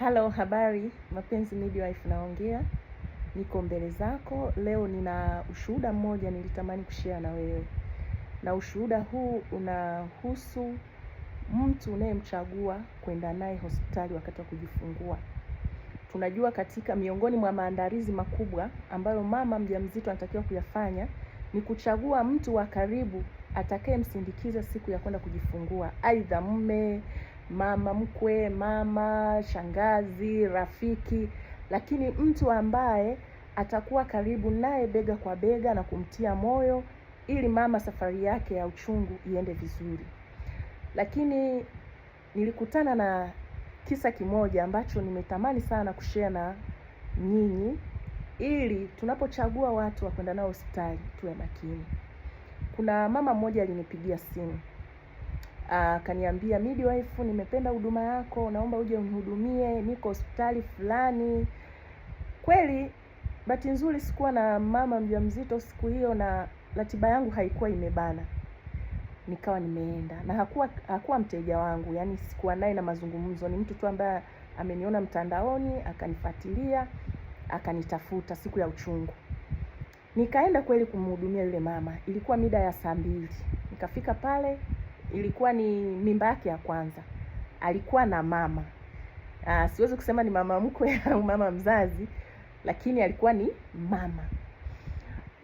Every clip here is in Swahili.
Halo, habari mapenzi, midwife naongea, niko mbele zako leo. Nina ushuhuda mmoja nilitamani kushare na wewe, na ushuhuda huu unahusu mtu unayemchagua kwenda naye hospitali wakati wa kujifungua. Tunajua katika miongoni mwa maandalizi makubwa ambayo mama mjamzito anatakiwa kuyafanya ni kuchagua mtu wa karibu atakayemsindikiza siku ya kwenda kujifungua, aidha mume mama mkwe, mama, shangazi, rafiki, lakini mtu ambaye atakuwa karibu naye bega kwa bega na kumtia moyo ili mama safari yake ya uchungu iende vizuri. Lakini nilikutana na kisa kimoja ambacho nimetamani sana kushare na nyinyi ili tunapochagua watu wa kwenda nao hospitali tuwe makini. Kuna mama mmoja alinipigia simu akaniambia midwife, nimependa huduma yako, naomba uje unihudumie, niko hospitali fulani. Kweli bahati nzuri sikuwa na mama mjamzito siku hiyo, na ratiba yangu haikuwa imebana, nikawa nimeenda na hakuwa hakuwa mteja wangu, yani sikuwa naye na mazungumzo, ni mtu tu ambaye ameniona mtandaoni akanifuatilia akanitafuta siku ya uchungu. Nikaenda kweli kumhudumia yule mama, ilikuwa mida ya saa mbili. Nikafika pale ilikuwa ni mimba yake ya kwanza. Alikuwa na mama aa, ah, siwezi kusema ni mama mkwe au mama mzazi, lakini alikuwa ni mama.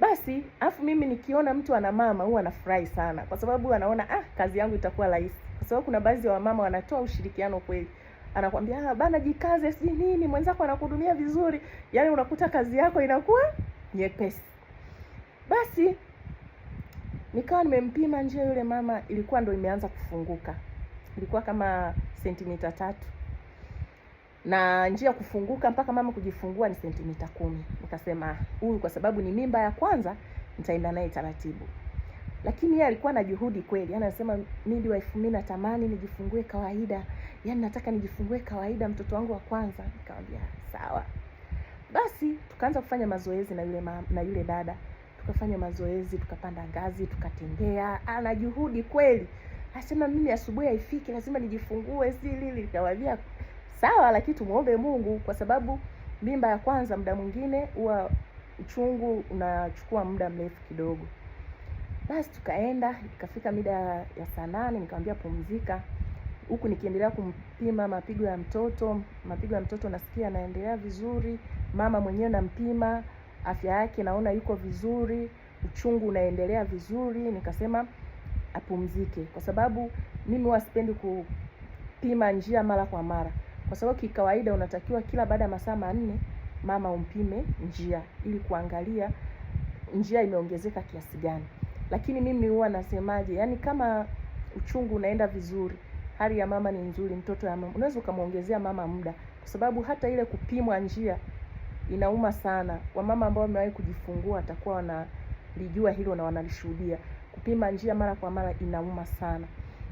Basi afu mimi nikiona mtu ana mama huwa anafurahi sana, kwa sababu anaona ah, kazi yangu itakuwa rahisi, kwa sababu kuna baadhi ya wamama wanatoa ushirikiano kweli anakwambia ah, bana jikaze, sijui nini, mwenzako anakuhudumia vizuri, yaani unakuta kazi yako inakuwa nyepesi. Basi Nikawa nimempima njia, yule mama ilikuwa ndo imeanza kufunguka, ilikuwa kama sentimita tatu na njia kufunguka mpaka mama kujifungua ni sentimita kumi. Nikasema huyu kwa sababu ni mimba ya kwanza nitaenda naye taratibu, lakini yeye alikuwa na juhudi kweli. Yaani anasema midwife, mimi natamani nijifungue kawaida, yaani nataka nijifungue kawaida mtoto wangu wa kwanza. Nikamwambia sawa. Basi tukaanza kufanya mazoezi na yule mama, na yule dada tukafanya mazoezi, tukapanda ngazi, tukatembea. Ana juhudi kweli, asema mimi asubuhi haifiki, lazima nijifungue si lili. Nikamwambia sawa, lakini tumuombe Mungu kwa sababu mimba ya kwanza muda mwingine huwa uchungu unachukua muda mrefu kidogo. Basi tukaenda, ikafika mida ya saa nane, nikamwambia pumzika, huku nikiendelea kumpima mapigo ya mtoto. Mapigo ya mtoto nasikia anaendelea vizuri, mama mwenyewe nampima afya yake naona yuko vizuri, uchungu unaendelea vizuri, nikasema apumzike, kwa sababu mimi huwa sipendi kupima njia mara kwa mara, kwa sababu kikawaida unatakiwa kila baada ya masaa manne mama umpime njia ili kuangalia njia imeongezeka kiasi gani. Lakini mimi huwa nasemaje, yani kama uchungu unaenda vizuri, hali ya mama ni nzuri, mtoto ya mama, unaweza ukamwongezea mama muda, kwa sababu hata ile kupimwa njia inauma sana. Wamama ambao wamewahi kujifungua watakuwa wanalijua hilo na wanalishuhudia. Kupima njia mara kwa mara inauma sana.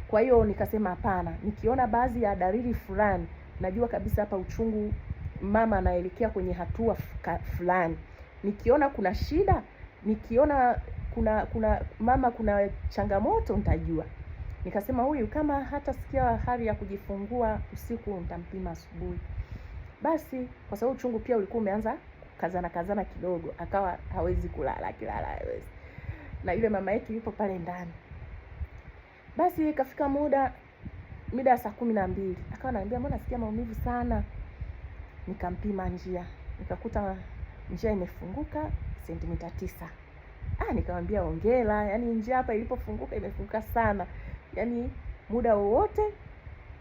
Kwa hiyo nikasema hapana, nikiona baadhi ya dalili fulani najua kabisa hapa uchungu mama anaelekea kwenye hatua fulani. Nikiona kuna shida, nikiona kuna kuna mama kuna changamoto nitajua. Nikasema huyu kama sikia hali ya kujifungua usiku, nitampima asubuhi. Basi kwa sababu uchungu pia ulikuwa umeanza kazana kazana kidogo, akawa hawezi kulala, akilala hawezi. Na yule mama yetu yupo pale ndani. Basi ikafika muda mida ya saa kumi na mbili akawa ananiambia mbona nasikia maumivu sana. Nikampima njia, nikakuta njia imefunguka sentimita tisa. Ah, nikamwambia hongera, yani njia hapa ilipofunguka imefunguka sana, yani muda wowote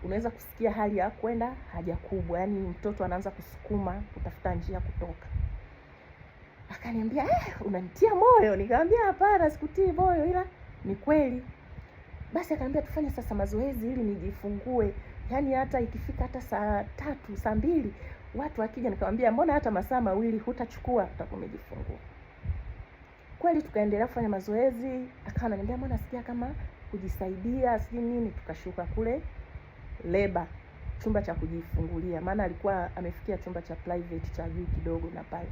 unaweza kusikia hali ya kwenda haja kubwa, yaani mtoto anaanza kusukuma kutafuta njia kutoka. Akaniambia eh, unanitia moyo. Nikamwambia hapana, sikutii moyo, ila ni kweli. Basi akaniambia tufanye sasa mazoezi ili nijifungue, yaani hata ikifika hata saa tatu saa mbili watu akija. nikamwambia mbona hata masaa mawili hutachukua, utakuwa umejifungua. Kweli tukaendelea kufanya mazoezi, akawa ananiambia mbona sikia kama kujisaidia, si nini. Tukashuka kule leba chumba cha kujifungulia, maana alikuwa amefikia chumba cha private cha juu kidogo, na pale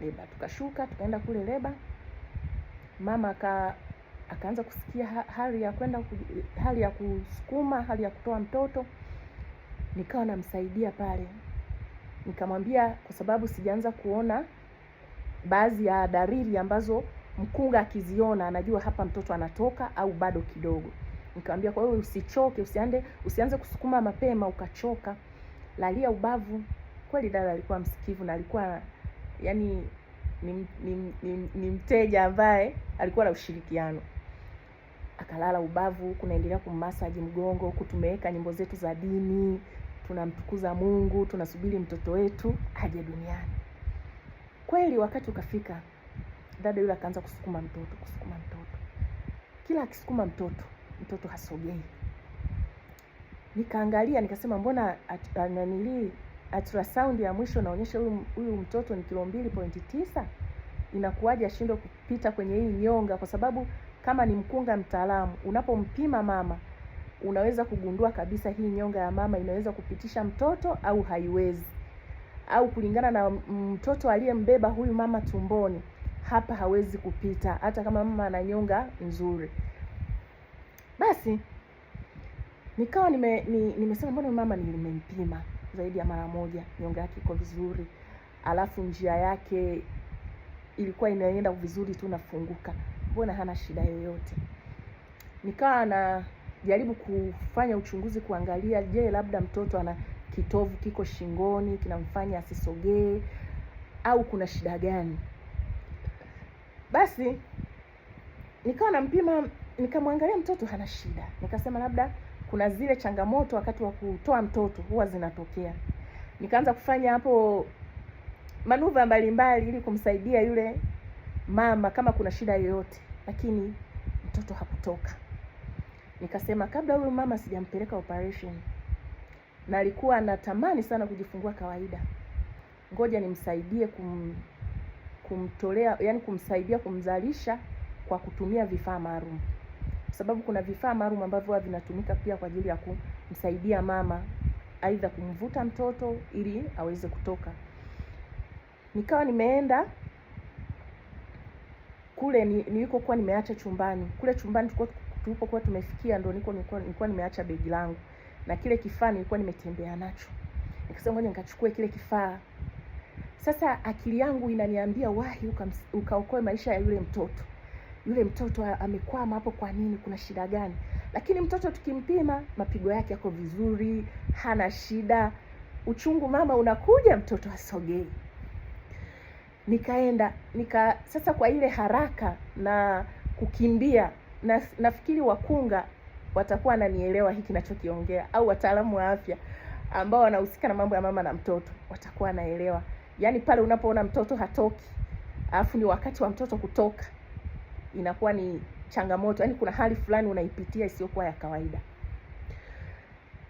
leba tukashuka tukaenda kule leba. Mama aka akaanza kusikia hali ya kwenda hali ya kusukuma hali ya kutoa mtoto, nikawa namsaidia pale, nikamwambia kwa sababu sijaanza kuona baadhi ya dalili ambazo mkunga akiziona anajua hapa mtoto anatoka au bado kidogo. Nikamwambia, kwa hiyo usichoke, usiende, usianze kusukuma mapema ukachoka, lalia ubavu. Kweli dada alikuwa msikivu na alikuwa yani ni, ni, ni, ni mteja ambaye alikuwa na ushirikiano. Akalala ubavu, kunaendelea kummasaji mgongo, huku nyimbo zetu za dini, tunamtukuza Mungu, tunasubiri mtoto wetu aje duniani. Kweli wakati ukafika, dada yule akaanza kusukuma mtoto, kusukuma mtoto, kila akisukuma mtoto mtoto hasogei. Nikaangalia nikasema, mbona at, ultrasound ya mwisho naonyesha huyu mtoto ni kilo mbili pointi tisa inakuwaje ashindwe kupita kwenye hii nyonga? Kwa sababu kama ni mkunga mtaalamu, unapompima mama unaweza kugundua kabisa hii nyonga ya mama inaweza kupitisha mtoto au haiwezi, au kulingana na mtoto aliyembeba huyu mama tumboni, hapa hawezi kupita, hata kama mama ana nyonga nzuri. Basi nikawa nime, ni, nimesema mbona mama nimempima zaidi ya mara moja, nyonga yake iko vizuri, alafu njia yake ilikuwa inaenda vizuri tu, nafunguka, mbona hana shida yoyote. Nikawa najaribu kufanya uchunguzi kuangalia, je, labda mtoto ana kitovu kiko shingoni kinamfanya asisogee au kuna shida gani? Basi nikawa nampima nikamwangalia mtoto hana shida, nikasema labda kuna zile changamoto wakati wa kutoa mtoto huwa zinatokea. Nikaanza kufanya hapo manuva mbalimbali ili kumsaidia yule mama kama kuna shida yoyote, lakini mtoto hakutoka. Nikasema kabla huyu mama sijampeleka operation, na alikuwa anatamani sana kujifungua kawaida, ngoja nimsaidie kum, kumtolea yani kumsaidia kumzalisha kwa kutumia vifaa maalum kwa sababu kuna vifaa maalum ambavyo vinatumika pia kwa ajili ya kumsaidia mama aidha kumvuta mtoto ili aweze kutoka. Nikawa nimeenda kule nilikokuwa nimeacha chumbani, kule chumbani tulikuwa tulipokuwa tumefikia ndo niko nilikuwa nimeacha begi langu na kile kifaa nilikuwa nimetembea nacho, nikasema ngoja nikachukue kile kifaa. Sasa akili yangu inaniambia wahi, ukaokoe uka maisha ya yule mtoto yule mtoto amekwama hapo, kwa nini? Kuna shida gani? Lakini mtoto tukimpima, mapigo yake yako vizuri, hana shida. Uchungu mama unakuja, mtoto asogei. Nikaenda nika sasa, kwa ile haraka na kukimbia na, nafikiri wakunga watakuwa wananielewa hiki nachokiongea, au wataalamu wa afya ambao wanahusika na mambo ya mama na mtoto watakuwa wanaelewa. Yaani pale unapoona mtoto hatoki, alafu ni wakati wa mtoto kutoka inakuwa ni changamoto, yaani kuna hali fulani unaipitia isiyokuwa ya kawaida.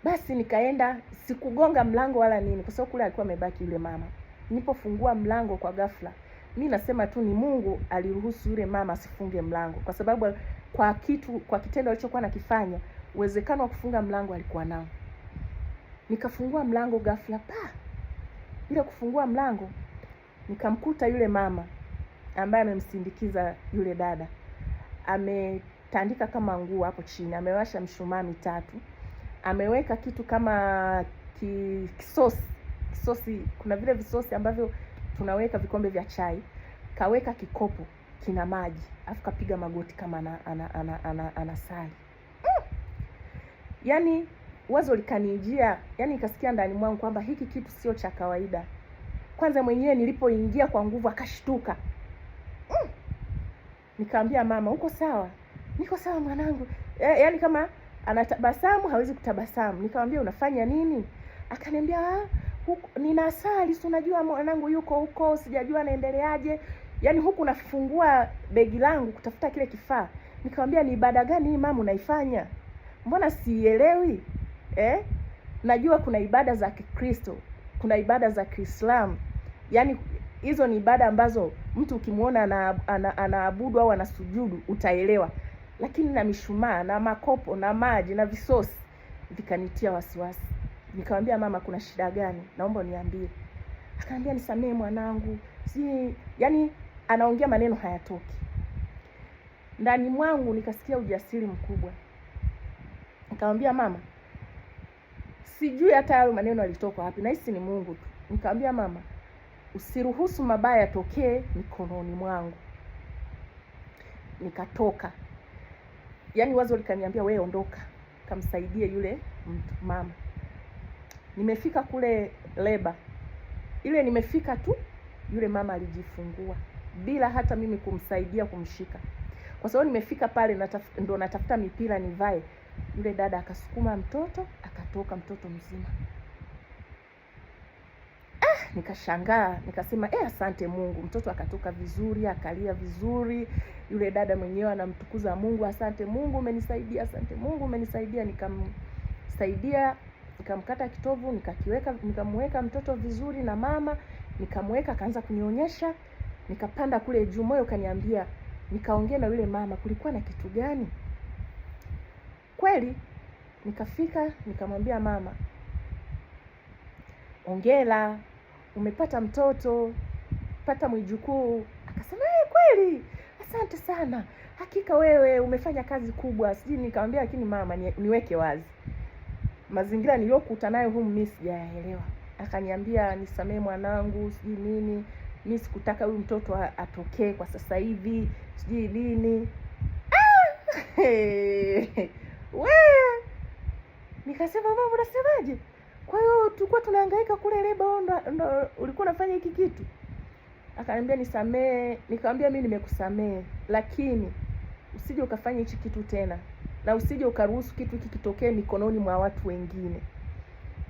Basi nikaenda, sikugonga mlango wala nini, kwa sababu kule alikuwa amebaki yule mama. Nilipofungua mlango kwa ghafla, mi nasema tu ni Mungu aliruhusu yule mama asifunge mlango, kwa sababu kwa kitu, kwa kitendo alichokuwa nakifanya, uwezekano wa kufunga mlango alikuwa nao. Nikafungua mlango ghafla pa, bila kufungua mlango nikamkuta yule mama ambaye amemsindikiza yule dada ametandika kama nguo hapo chini, amewasha mshumaa mitatu, ameweka kitu kama ki, kisosi kisosi. Kuna vile visosi ambavyo tunaweka vikombe vya chai, kaweka kikopo kina maji, afu kapiga magoti kama ana, ana, ana, ana, ana sali mm. Yani wazo likanijia, yani nikasikia ndani mwangu kwamba hiki kitu sio cha kawaida. Kwanza mwenyewe nilipoingia kwa nguvu akashtuka. Nikamwambia mama, uko sawa? Niko sawa mwanangu. E, yaani kama anatabasamu hawezi kutabasamu. Nikamwambia unafanya nini? Akaniambia nina asali, si unajua mwanangu yuko huko, sijajua anaendeleaje. Yaani huku nafungua begi langu kutafuta kile kifaa. Nikamwambia ni ibada gani hii mama unaifanya? Mbona sielewi? Eh? Najua kuna ibada za Kikristo, kuna ibada za Kiislamu. Yaani hizo ni ibada ambazo mtu ukimwona anaabudu ana, ana, ana au anasujudu utaelewa, lakini na mishumaa na makopo na maji na visosi vikanitia wasiwasi. Nikamwambia mama, kuna shida gani? Naomba uniambie. Akaambia, nisamee mwanangu, si yani, anaongea maneno hayatoki ndani mwangu. Nikasikia ujasiri mkubwa, nikamwambia mama, sijui hata hayo maneno yalitoka wapi, nahisi ni Mungu tu. Nikamwambia mama usiruhusu mabaya yatokee mikononi mwangu. Nikatoka, yaani wazo likaniambia, wewe ondoka, kamsaidie yule mtu mama. Nimefika kule leba ile, nimefika tu yule mama alijifungua bila hata mimi kumsaidia kumshika, kwa sababu nimefika pale nataf, ndo natafuta mipira nivae. Yule dada akasukuma mtoto akatoka, mtoto mzima nikashangaa nikasema, eh, asante Mungu. Mtoto akatoka vizuri, akalia vizuri, yule dada mwenyewe anamtukuza Mungu, asante Mungu umenisaidia, asante Mungu umenisaidia. Nikamsaidia, nikamkata kitovu, nikakiweka, nikamweka mtoto vizuri na mama, nikamweka akaanza kunionyesha, nikapanda kule juu, moyo kaniambia, nikaongea na yule mama, kulikuwa na kitu gani kweli? Nikafika nikamwambia mama, ongela umepata mtoto, pata mwijukuu. Akasema eh, kweli, asante sana, hakika wewe umefanya kazi kubwa, sijui. Nikamwambia lakini mama, niweke wazi mazingira niliyokuta nayo humu, mimi sijayaelewa. Akaniambia nisamee mwanangu, sijui nini, mi sikutaka huyu mtoto atokee kwa sasa hivi, sijui nini. Ah! we nikasema, mama, unasemaje? Kwa hiyo tulikuwa tunahangaika kule leba, ndo, ndo ulikuwa unafanya hiki kitu. Akaniambia nisamee, nikamwambia mimi nimekusamee, lakini usije ukafanya hichi kitu tena, na usije ukaruhusu kitu hiki kitokee mikononi mwa watu wengine.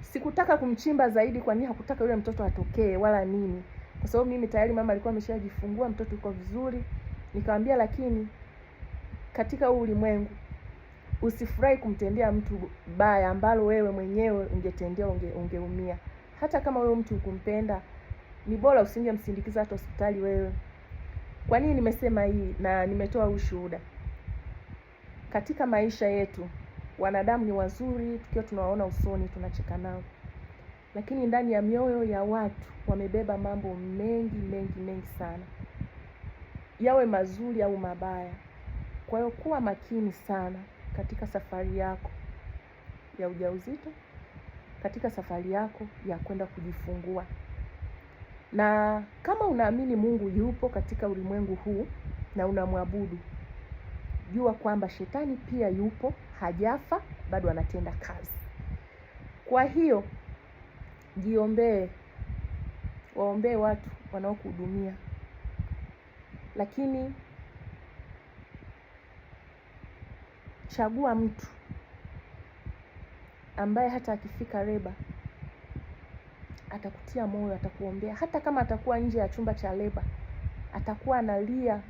Sikutaka kumchimba zaidi, kwani hakutaka yule mtoto atokee wala nini, kwa sababu mimi tayari mama alikuwa ameshajifungua, mtoto yuko vizuri. Nikamwambia lakini katika huu ulimwengu Usifurahi kumtendea mtu baya ambalo wewe mwenyewe ungetendea, unge, ungeumia. Hata kama wewe mtu ukumpenda, ni bora usingemsindikiza hata hospitali wewe. Kwa nini nimesema hii na nimetoa ushuhuda? Katika maisha yetu wanadamu ni wazuri, tukiwa tunawaona usoni tunacheka nao, lakini ndani ya mioyo ya watu wamebeba mambo mengi mengi mengi sana, yawe mazuri au mabaya. Kwa hiyo kuwa makini sana katika safari yako ya ujauzito, katika safari yako ya kwenda kujifungua. Na kama unaamini Mungu yupo katika ulimwengu huu na unamwabudu, jua kwamba shetani pia yupo, hajafa, bado anatenda kazi. Kwa hiyo jiombee, waombee watu wanaokuhudumia, lakini Chagua mtu ambaye hata akifika leba atakutia moyo, atakuombea, hata kama atakuwa nje ya chumba cha leba atakuwa analia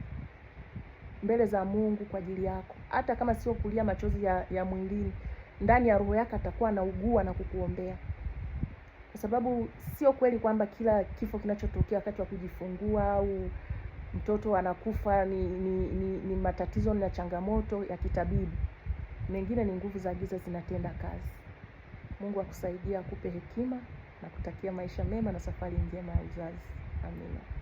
mbele za Mungu kwa ajili yako, hata kama sio kulia machozi ya, ya mwilini, ndani ya roho yake atakuwa anaugua na kukuombea, kwa sababu sio kweli kwamba kila kifo kinachotokea wakati wa kujifungua au mtoto anakufa ni, ni, ni, ni matatizo na changamoto ya kitabibu, mengine ni nguvu za giza zinatenda kazi. Mungu akusaidia, akupe hekima na kutakia maisha mema na safari njema ya uzazi. Amina.